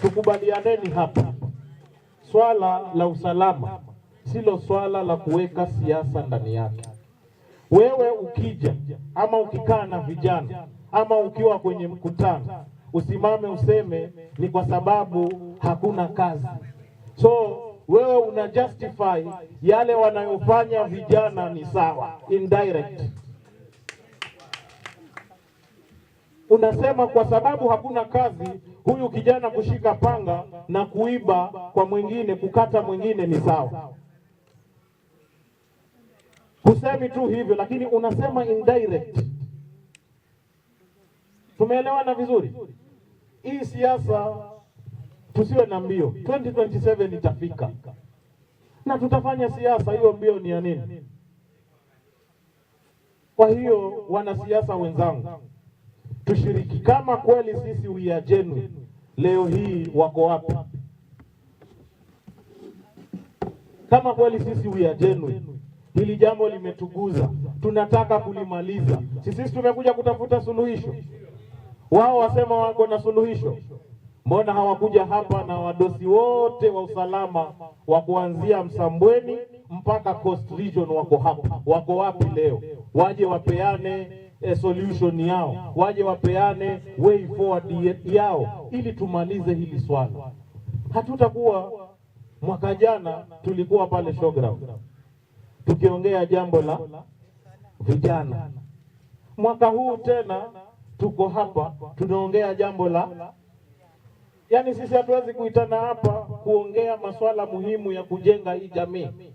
Tukubalianeni hapa, swala la usalama silo swala la kuweka siasa ndani yake. Wewe ukija ama ukikaa na vijana ama ukiwa kwenye mkutano, usimame useme ni kwa sababu hakuna kazi. So wewe una justify yale wanayofanya vijana ni sawa, indirect unasema kwa sababu hakuna kazi huyu kijana kushika panga na kuiba kwa mwingine, kukata mwingine ni sawa. Kusemi tu hivyo, lakini unasema indirect. Tumeelewana vizuri. Hii siasa tusiwe na mbio, 2027 itafika na tutafanya siasa hiyo. Mbio ni ya nini? Kwa hiyo wanasiasa wenzangu tushiriki. Kama kweli sisi we leo hii wako wapi? Kama kweli sisi we are hili jambo limetuguza, tunataka kulimaliza. Sisi tumekuja kutafuta suluhisho, wao wasema wako na suluhisho. Mbona hawakuja hapa na wadosi wote wa usalama wa kuanzia Msambweni mpaka Coast Region? Wako hapa, wako wapi leo? Waje wapeane e, solution yao, waje wapeane way forward yao ili tumalize hili swala. Hatutakuwa mwaka jana tulikuwa pale showground tukiongea jambo la vijana, mwaka huu tena tuko hapa tunaongea jambo la yani, sisi hatuwezi kuitana hapa kuongea masuala muhimu ya kujenga hii jamii.